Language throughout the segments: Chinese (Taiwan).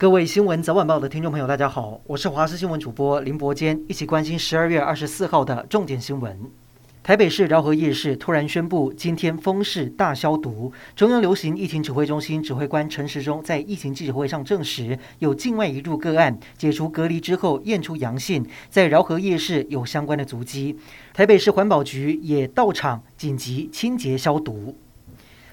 各位新聞早晚報的聽眾朋友，大家好，我是華視新聞主播林伯堅，一起關心十二月二十四號的重點新聞。台北市饒河夜市突然宣布今天封市大消毒，中央流行疫情指揮中心指揮官陳時中在疫情記者會上證實，有境外移入個案解除隔離之後驗出陽性，在饒河夜市有相關的足迹。台北市環保局也到場緊急清潔消毒。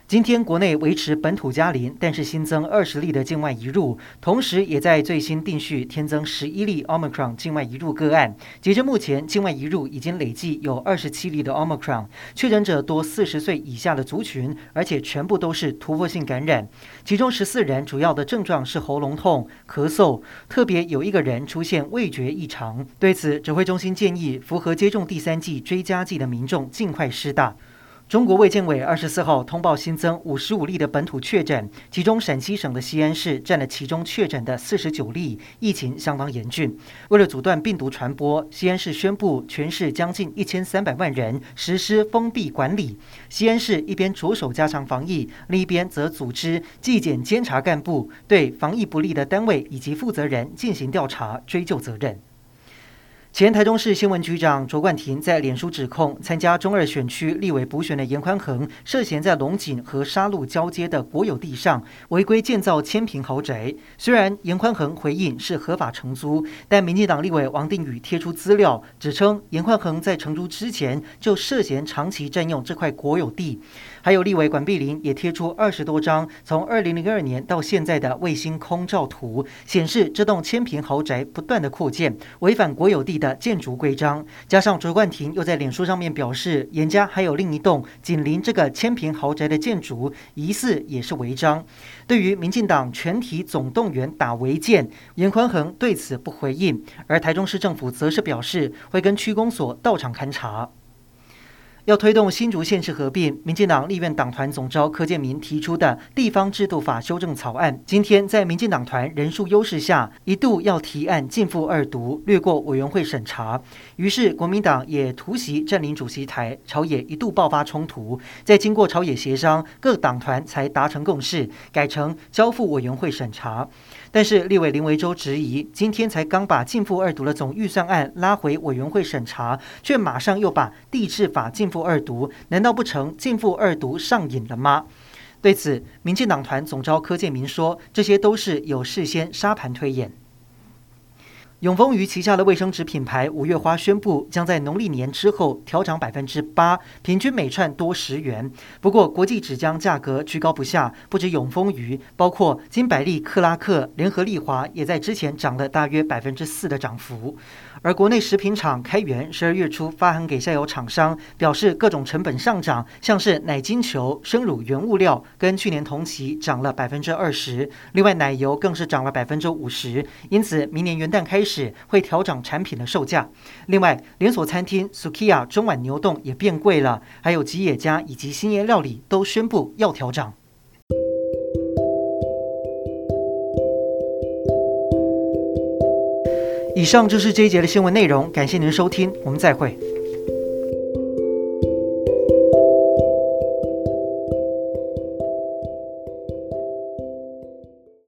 今天國內維持本土加林，但是新增二十例的境外移入，同時也在最新定序添增十一例奧 r 克 n 境外移入個案。截至目前，境外移入已經累計有二十七例的奧 r 克 n 確診者，多四十歲以下的族群，而且全部都是突破性感染。其中十四人主要的症狀是喉嚨痛、咳嗽，特別有一個人出現味覺異常。對此，指揮中心建議符合接種第三劑追加劑的民眾盡快施打。中國衛健委二十四號通報新增五十五例的本土確診，其中陝西省的西安市占了其中確診的四十九例，疫情相當嚴峻。為了阻斷病毒傳播，西安市宣布全市將近一千三百萬人實施封閉管理。西安市一邊着手加強防疫，另一邊則組織紀檢監察幹部對防疫不力的單位以及負責人進行調查，追究責任。前台中市新聞局長卓冠廷在臉書指控，參加中二選區立委補選的顏寬恆涉嫌在龍井和沙鹿交接的國有地上違規建造千坪豪宅。雖然顏寬恆回應是合法承租，但民進黨立委王定宇貼出資料，指稱顏寬恆在承租之前就涉嫌長期占用這塊國有地。還有立委管碧玲也貼出二十多張從二零零二年到現在的衛星空照圖，顯示這棟千坪豪宅不斷的擴建，違反國有地的建築規章。加上卓冠廷又在臉書上面表示，顏家還有另一棟緊鄰這個千坪豪宅的建築，疑似也是違章。對於民進黨全體總動員打違建，顏寬恆對此不回應，而台中市政府則是表示會跟區公所到場勘查。要推動新竹縣市合併，民進黨立院黨團總召柯建銘提出的《地方制度法》修正草案，今天在民進黨團人數優勢下，一度要提案逕付二讀，略過委員會審查。於是國民黨也突襲占領主席台，朝野一度爆發衝突。在經過朝野協商，各黨團才達成共識，改成交付委員會審查。但是立委林為洲質疑，今天才剛把逕付二讀的總預算案拉回委員會審查，卻馬上又把地制法逕付二讀，難道不成逕付二讀上癮了嗎？對此，民進黨團總召柯建銘說，這些都是有事先沙盤推演。永豐魚旗下的衛生紙品牌五月花宣布，將在農曆年之後調漲百分之八，平均每串多十元。不過，國際紙漿價格居高不下，不止永豐餘，包括金百利克拉克、聯合利華也在之前漲了大約百分之四的漲幅。而國內食品廠開源十二月初發函給下游廠商，表示各種成本上漲，像是奶精球、生乳原物料跟去年同期漲了百分之二十，另外奶油更是漲了百分之五十。因此，明年元旦開始。會調漲產品的售價。另外，連鎖餐廳 Sukiya 中碗牛丼也變貴了，還有吉野家以及欣葉料理都宣布要調漲。以上就是這一節的新聞內容，感謝您收聽，我們再會。